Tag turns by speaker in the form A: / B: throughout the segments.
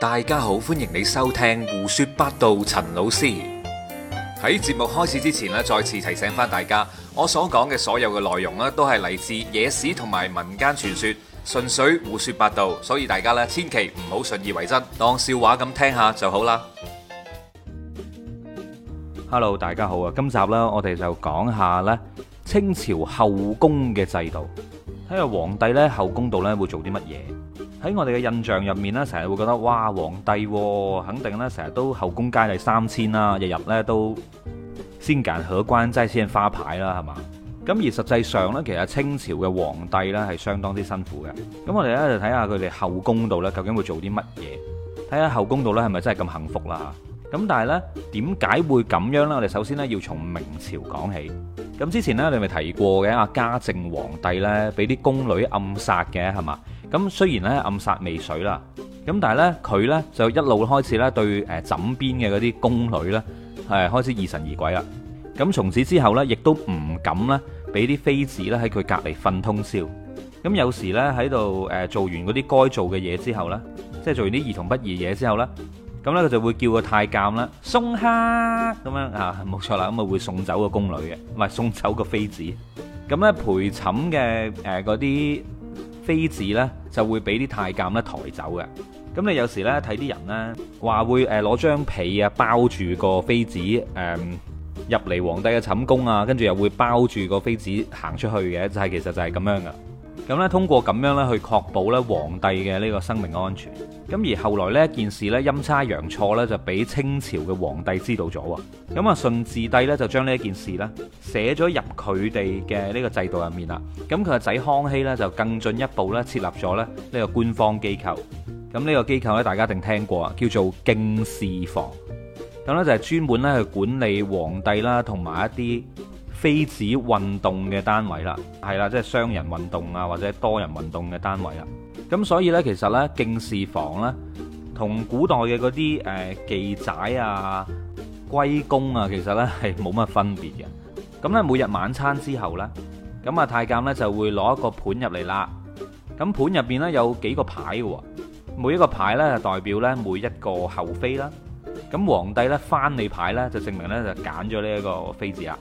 A: 大家好，歡迎你收聽胡說八道。陳老師喺節目開始之前咧再次提醒翻大家，我所講嘅所有嘅內容咧都係嚟自野史同埋民間傳說，純粹胡說八道，所以大家咧千祈唔好信以為真，當笑話咁聽下就好啦。Hello，大家好啊！今集我哋就講下咧清朝後宮嘅制度，睇下皇帝咧後宮度咧會做啲乜嘢。喺我哋嘅印象入面呢，成日會覺得哇，皇帝，啊，肯定呢，成日都後宮佳麗三千啦，日日呢都先揀好關齋先花牌啦，係嘛？咁而實際上呢，其實清朝嘅皇帝呢係相當之辛苦嘅。咁我哋呢就睇下佢哋後宮度呢，究竟會做啲乜嘢，睇下後宮度呢係咪真係咁幸福啦？咁但係呢，點解會咁樣呢？我哋首先呢要從明朝講起。咁之前呢你咪提過嘅阿嘉靖皇帝呢，俾啲宮女暗殺嘅係嘛？是咁雖然咧暗殺未遂啦，咁但係咧佢咧就一路開始咧對誒枕邊嘅嗰啲宮女咧係開始疑神疑鬼啦。咁從此之後咧，亦都唔敢咧俾啲妃子咧喺佢隔離瞓通宵。咁有時咧喺度誒做完嗰啲該做嘅嘢之後咧，即係做完啲兒童不宜嘢之後咧，咁咧佢就會叫個太監啦送客咁樣啊，冇錯啦，咁啊會送走個宮女嘅，唔係送走個妃子。咁咧陪寢嘅誒嗰啲。妃子咧就會俾啲太監咧抬走嘅，咁你有時咧睇啲人咧話會誒攞張被啊包住個妃子誒入嚟皇帝嘅寢宮啊，跟住又會包住個妃子行出去嘅，就係其實就係咁樣噶，咁呢，通過咁樣咧去確保咧皇帝嘅呢個生命安全。咁而後來呢件事呢，陰差陽錯呢，就俾清朝嘅皇帝知道咗喎，咁啊順治帝呢，就將呢一件事呢寫咗入佢哋嘅呢個制度入面啦。咁佢個仔康熙呢，就更進一步呢，設立咗呢個官方機構。咁呢個機構呢，大家一定聽過啊，叫做敬事房。咁呢，就係專門呢去管理皇帝啦同埋一啲妃子運動嘅單位啦，係啦，即係雙人運動啊或者多人運動嘅單位啦。咁所以咧，其實咧，敬事房咧，同古代嘅嗰啲誒妓仔啊、龜公啊，其實咧係冇乜分別嘅。咁咧，每日晚餐之後咧，咁啊太監咧就會攞一個盤入嚟啦。咁盤入邊咧有幾個牌嘅喎，每一個牌咧就代表咧每一個後妃啦。咁皇帝咧翻你牌咧，就證明咧就揀咗呢一個妃子啊。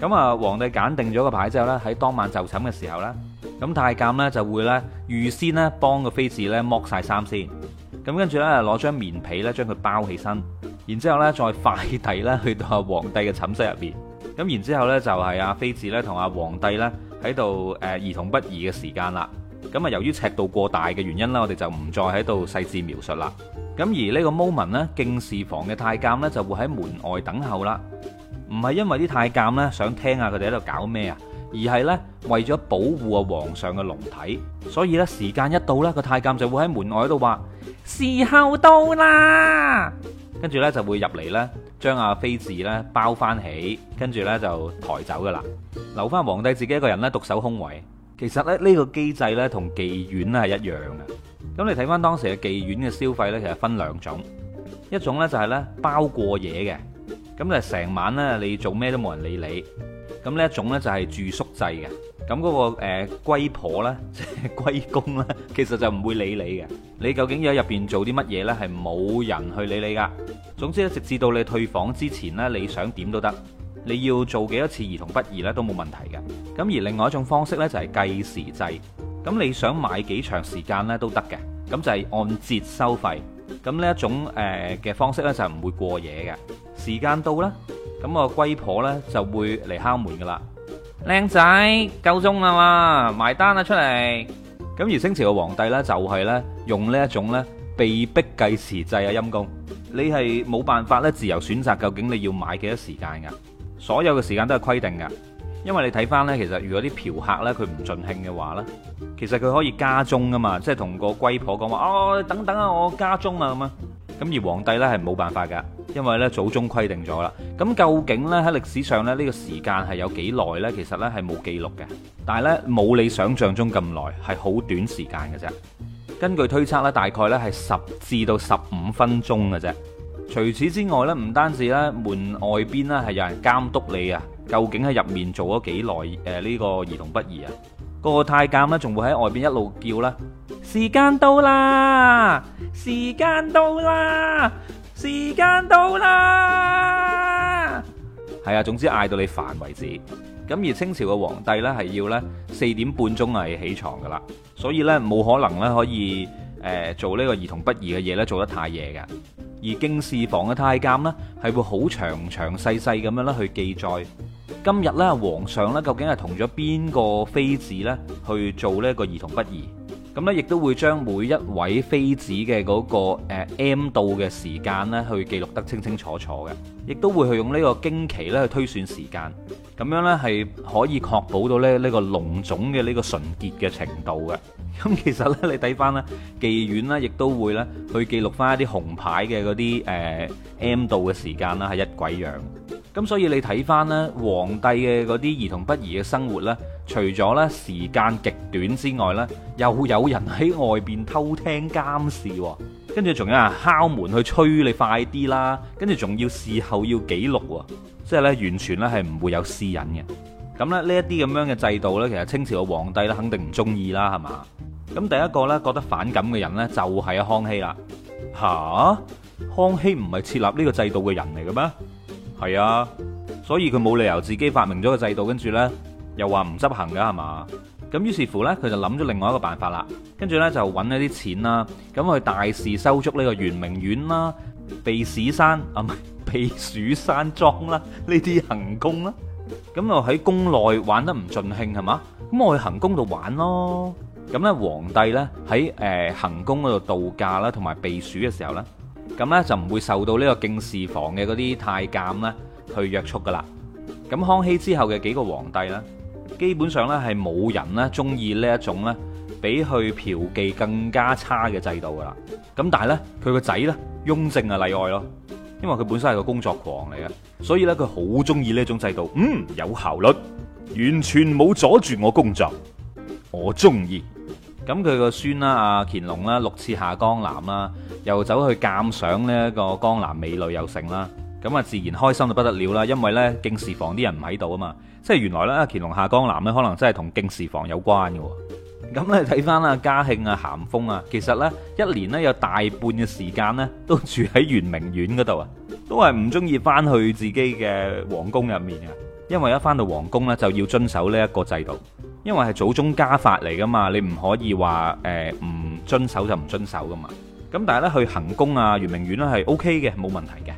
A: 咁啊，皇帝揀定咗個牌之後咧，喺當晚就寢嘅時候咧，咁太監呢就會呢預先呢幫個妃子呢剝晒衫先，咁跟住呢，攞張棉被呢將佢包起身，然之後呢再快遞呢去到阿皇帝嘅寢室入邊。咁然之後呢，就係阿妃子呢同阿皇帝呢喺度誒兒童不宜嘅時間啦。咁啊由於尺度過大嘅原因呢，我哋就唔再喺度細緻描述啦。咁而呢個 moment 呢，敬事房嘅太監呢就會喺門外等候啦。唔係因為啲太監呢想聽下佢哋喺度搞咩啊？而係咧，為咗保護啊皇上嘅龍體，所以咧時間一到咧，個太監就會喺門外度話：時候到啦！跟住咧就會入嚟咧，將阿妃子咧包翻起，跟住咧就抬走噶啦，留翻皇帝自己一個人咧獨守空位。其實咧，呢個機制咧同妓院咧係一樣嘅。咁你睇翻當時嘅妓院嘅消費咧，其實分兩種，一種咧就係咧包過夜嘅，咁就成晚咧你做咩都冇人理你。咁呢一種咧就係住宿制嘅，咁嗰個誒龜婆咧、龜公咧，其實就唔會理你嘅。你究竟要喺入邊做啲乜嘢咧，係冇人去理你噶。總之咧，直至到你退房之前咧，你想點都得。你要做幾多次兒童不宜咧都冇問題嘅。咁而另外一種方式咧就係計時制，咁你想買幾長時間咧都得嘅。咁就係按節收費。咁呢一種誒嘅方式咧就係唔會過夜嘅。時間到啦。咁個龜婆呢就會嚟敲門噶啦，靚仔，夠鐘啦嘛，埋單啦出嚟。咁而清朝嘅皇帝呢，就係呢用呢一種呢被逼計時制啊陰公，你係冇辦法呢自由選擇究竟你要買幾多時間噶，所有嘅時間都係規定噶，因為你睇翻呢，其實如果啲嫖客呢，佢唔盡興嘅話呢，其實佢可以加鐘㗎嘛，即係同個龜婆講話哦，你等等啊，我加鐘啊咁啊。咁而皇帝咧係冇辦法噶，因為咧祖宗規定咗啦。咁究竟咧喺歷史上咧呢個時間係有幾耐咧？其實咧係冇記錄嘅，但係咧冇你想象中咁耐，係好短時間嘅啫。根據推測咧，大概咧係十至到十五分鐘嘅啫。除此之外咧，唔單止咧門外邊咧係有人監督你啊，究竟喺入面做咗幾耐？誒呢個兒童不宜啊！個太監咧，仲會喺外邊一路叫啦，時間到啦，時間到啦，時間到啦，係啊，總之嗌到你煩為止。咁而清朝嘅皇帝呢，係要呢四點半鐘係起床噶啦，所以呢，冇可能呢可以誒、呃、做呢個兒童不宜嘅嘢呢，做得太夜嘅。而敬事房嘅太監呢，係會好詳詳細細咁樣咧去記載。今日咧，皇上咧究竟係同咗邊個妃子咧去做呢一個兒童不宜，咁咧亦都會將每一位妃子嘅嗰個誒 M 度嘅時間咧去記錄得清清楚楚嘅，亦都會去用呢個經期咧去推算時間，咁樣咧係可以確保到咧呢個龍種嘅呢個純潔嘅程度嘅。咁其實咧，你睇翻咧，妓院咧亦都會咧去記錄翻一啲紅牌嘅嗰啲誒 M 度嘅時間啦，係一鬼樣。咁所以你睇翻呢皇帝嘅嗰啲兒童不宜嘅生活呢，除咗呢時間極短之外呢，又有人喺外面偷聽監視，跟住仲有人敲門去催你快啲啦，跟住仲要事後要記錄，即係呢完全呢係唔會有私隱嘅。咁咧呢一啲咁樣嘅制度呢，其實清朝嘅皇帝肯定唔中意啦，係嘛？咁第一個呢，覺得反感嘅人呢，就係康熙啦。嚇，康熙唔係設立呢個制度嘅人嚟嘅咩？係啊，所以佢冇理由自己發明咗個制度，跟住呢，又話唔執行噶係嘛？咁於是乎呢，佢就諗咗另外一個辦法啦，跟住呢，就揾咗啲錢啦，咁去大肆收足呢個圓明園啦、避暑山啊唔係避暑山莊啦呢啲行宮啦，咁又喺宮內玩得唔盡興係嘛？咁我去行宮度玩咯，咁呢，皇帝呢，喺誒、呃、行宮嗰度度假啦，同埋避暑嘅時候呢。咁咧就唔會受到呢個敬事房嘅嗰啲太監咧去約束噶啦。咁康熙之後嘅幾個皇帝咧，基本上咧係冇人咧中意呢一種咧比佢嫖妓更加差嘅制度噶啦。咁但係咧佢個仔咧雍正就例外咯，因為佢本身係個工作狂嚟嘅，所以咧佢好中意呢一種制度。嗯，有效率，完全冇阻住我工作，我中意。咁佢個孫啦，阿乾隆啦，六次下江南啦，又走去鑑賞呢一個江南美女又成啦，咁啊自然開心到不得了啦，因為呢敬事房啲人唔喺度啊嘛，即係原來呢，乾隆下江南呢，可能真係同敬事房有關嘅。咁你睇翻阿嘉慶啊、咸豐啊，其實呢，一年呢，有大半嘅時間呢，都住喺圓明園嗰度啊，都係唔中意翻去自己嘅皇宮入面嘅，因為一翻到皇宮呢，就要遵守呢一個制度。因為係祖宗家法嚟噶嘛，你唔可以話誒唔遵守就唔遵守噶嘛。咁但係咧去行宮啊、圓明園咧係 OK 嘅，冇問題嘅。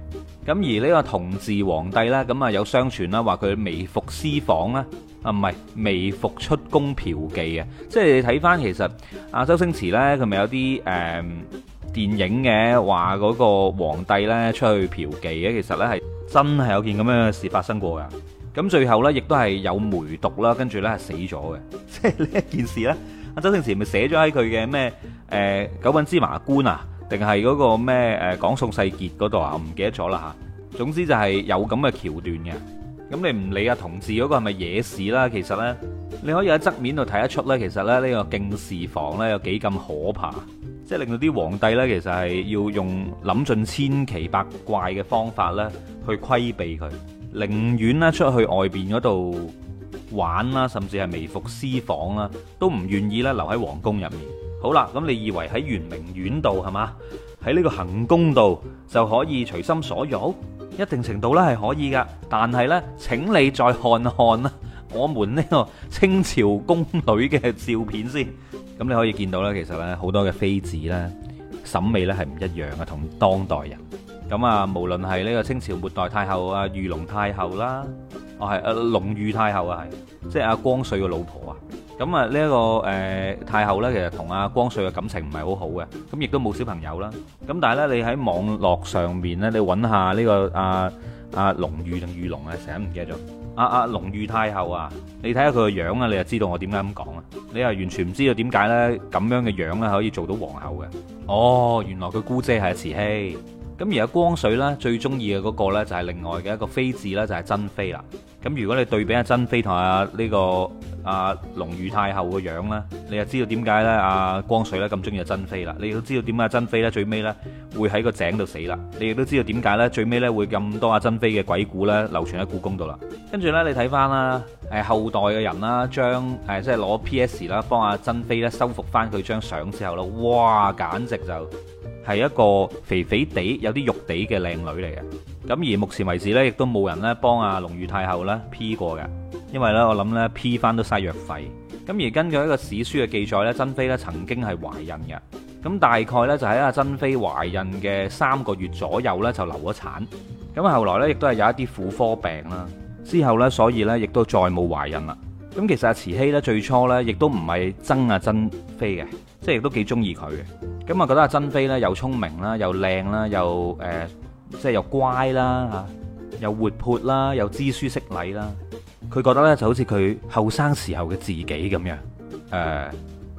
A: 咁而呢個同治皇帝呢，咁啊有相傳啦，話佢微服私訪啦，啊唔係微服出宮嫖妓啊。即係你睇翻其實阿周星馳呢，佢咪有啲誒、嗯、電影嘅話嗰個皇帝呢出去嫖妓咧，其實呢係真係有件咁樣嘅事發生過噶。咁最後呢，亦都係有梅毒啦，跟住呢，係死咗嘅。即係呢一件事呢，阿周星馳咪寫咗喺佢嘅咩誒《九品芝麻官》啊，定係嗰個咩誒、呃《講宋世傑》嗰度啊？唔記得咗啦嚇。總之就係有咁嘅橋段嘅。咁你唔理呀，同志嗰個係咪野史啦、啊，其實呢，你可以喺側面度睇得出呢。其實咧呢個敬事房呢，有幾咁可怕，即係令到啲皇帝呢，其實係要用諗盡千奇百怪嘅方法呢，去規避佢。寧願咧出去外邊嗰度玩啦，甚至係微服私訪啦，都唔願意咧留喺皇宮入面。好啦，咁你以為喺圓明園度係嘛？喺呢個行宮度就可以隨心所欲？一定程度呢係可以㗎，但係呢，請你再看看啦，我們呢個清朝宮女嘅照片先。咁你可以見到呢，其實呢好多嘅妃子呢，審美呢係唔一樣嘅，同當代人。咁啊，無論係呢個清朝末代太后啊，裕隆太后啦，哦係啊，隆裕太后啊，係即係阿光緒嘅老婆啊。咁啊，呢一個誒太后咧，其實同阿光緒嘅感情唔係好好嘅，咁亦都冇小朋友啦。咁但係咧，你喺網絡上面咧，你揾下呢個啊啊隆裕定裕隆啊，成日唔記得咗。阿阿隆裕太后啊，你睇下佢個樣啊，你就知道我點解咁講啊。你又完全唔知道點解咧咁樣嘅樣咧可以做到皇后嘅。哦，原來佢姑姐係慈禧。咁而家光緒咧最中意嘅嗰個咧就係另外嘅一個妃子咧，就係珍妃啦。咁如果你對比下，這個珍妃同阿呢個阿隆裕太后嘅樣啦，你又知道點解咧阿光緒咧咁中意阿珍妃啦。你都知道點解阿珍妃咧最尾咧會喺個井度死啦。你亦都知道點解咧最尾咧會咁多阿珍妃嘅鬼故咧流傳喺故宮度啦。跟住咧你睇翻啦，誒後代嘅人啦，將誒即係攞 P.S. 啦，幫阿珍妃咧修復翻佢張相之後啦，哇，簡直就～係一個肥肥地，有啲肉地嘅靚女嚟嘅，咁而目前為止呢，亦都冇人呢幫阿隆裕太后呢 P 過嘅，因為呢，我諗呢 P 翻都嘥藥費。咁而根據一個史書嘅記載呢，珍妃曾經係懷孕嘅，咁大概呢，就喺阿珍妃懷孕嘅三個月左右呢，就流咗產，咁後來呢，亦都係有一啲婦科病啦，之後呢，所以呢，亦都再冇懷孕啦。咁其實阿慈禧呢，最初呢，亦都唔係憎阿珍妃嘅，即係亦都幾中意佢嘅。咁啊，覺得阿珍妃咧又聰明啦，又靚啦，又誒，即係又乖啦嚇，又活潑啦，又知書識禮啦。佢覺得咧就好似佢後生時候嘅自己咁樣誒。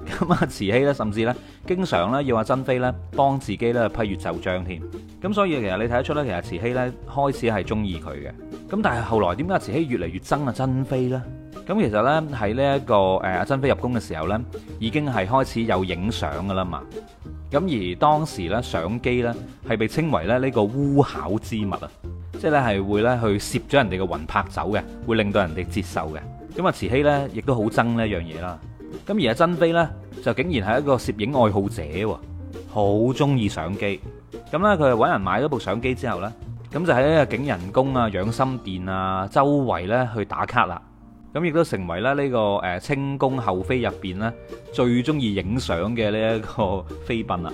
A: 咁啊，慈禧咧，甚至咧，經常咧要阿珍妃咧幫自己咧批閱奏章添。咁所以其實你睇得出咧，其實慈禧咧開始係中意佢嘅。咁但係後來點解慈禧越嚟越憎阿珍妃咧？咁其實咧喺呢一個誒，阿珍妃入宮嘅時候咧，已經係開始有影相㗎啦嘛。咁而當時咧，相機咧係被稱為咧呢個巫巧之物啊，即係咧係會咧去攝咗人哋嘅魂魄走嘅，會令到人哋接受嘅。咁啊，慈禧咧亦都好憎呢一樣嘢啦。咁而阿珍妃咧就竟然係一個攝影愛好者喎，好中意相機。咁咧佢就揾人買咗部相機之後咧，咁就喺呢個景仁宮啊養心殿啊周圍咧去打卡啦。咁亦都成為咧呢個清宮後妃入面呢最中意影相嘅呢一個妃嬪啦。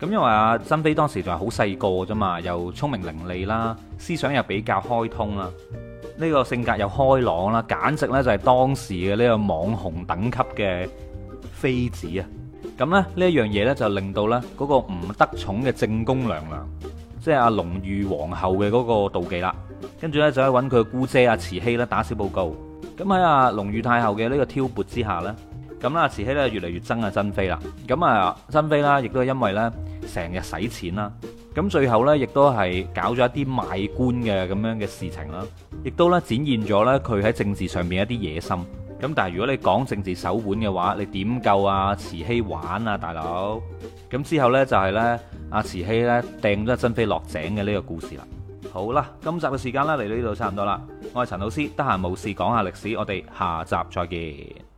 A: 咁因為阿、啊、珍妃當時仲係好細個啫嘛，又聰明伶俐啦，思想又比較開通啦，呢、這個性格又開朗啦，簡直呢就係當時嘅呢個網紅等級嘅妃子啊。咁咧呢一樣嘢呢，就令到呢嗰個唔得寵嘅正宮娘娘，即係阿隆裕皇后嘅嗰個妒忌啦。跟住呢，就去揾佢姑姐阿慈禧啦，打小報告。咁喺阿隆裕太后嘅呢個挑撥之下呢，咁啊慈禧咧，越嚟越憎阿珍妃啦。咁啊，珍妃啦，亦都係因為呢成日使錢啦。咁最後呢，亦都係搞咗一啲賣官嘅咁樣嘅事情啦。亦都咧，展現咗呢佢喺政治上面一啲野心。咁但係如果你講政治手腕嘅話，你點夠阿慈禧玩啊，大佬？咁之後呢，就係呢阿慈禧呢掟咗珍妃落井嘅呢個故事啦。好啦，今集嘅時間呢，嚟到呢度差唔多啦。我係陳老師，得閒冇事講下歷史，我哋下集再見。